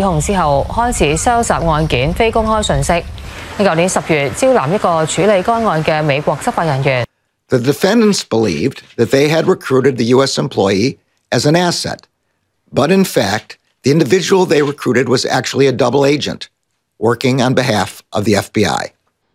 指控之後，開始收集案件非公開信息。喺舊年十月，招攬一個處理該案嘅美國執法人員。The defendants believed that they had recruited the US employee as an asset. But in fact, the individual they recruited was actually a double agent working on behalf of the FBI.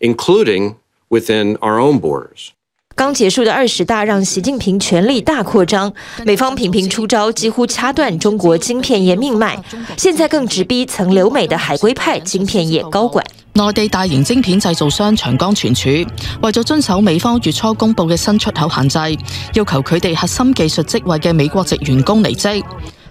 Including within our own borders. 剛結束的二十大讓習近平權力大擴張，美方頻頻出招，幾乎掐斷中國晶片業命脈。現在更直逼曾留美的海歸派晶片業高管。內地大型晶片製造商長江存儲為咗遵守美方月初公布嘅新出口限制，要求佢哋核心技術職位嘅美國籍員工離職。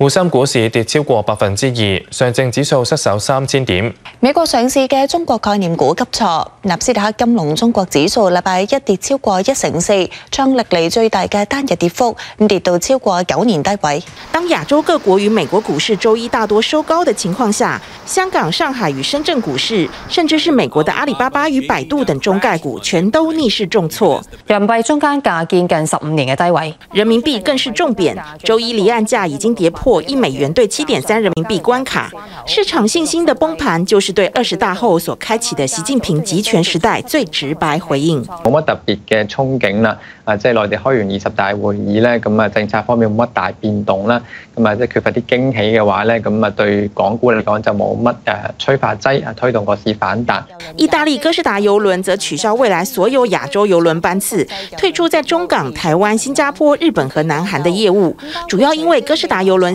滬深股市跌超過百分之二，上證指數失守三千點。美國上市嘅中國概念股急挫，納斯達克金龍中國指數禮拜一跌超過一成四，創歷嚟最大嘅單日跌幅，跌到超過九年低位。當亞洲各國與美國股市周一大多收高的情況下，香港、上海與深圳股市，甚至是美國的阿里巴巴與百度等中概股，全都逆勢重挫，人民幣中間價見近十五年嘅低位，人民幣更是重貶，周一離岸價已經跌破。破一美元兌七點三人民幣關卡，市場信心的崩盤就是對二十大後所開啟的習近平集權時代最直白回應。冇乜特別嘅憧憬啦，啊，即係內地開完二十大會議咧，咁啊，政策方面冇乜大變動啦，咁啊，即係缺乏啲驚喜嘅話咧，咁啊，對港股嚟講就冇乜誒催化劑啊，推動個市反彈。意大利哥斯達郵輪則取消未來所有亞洲郵輪班次，退出在中港、台灣、新加坡、日本和南韓的業務，主要因為哥斯達郵輪。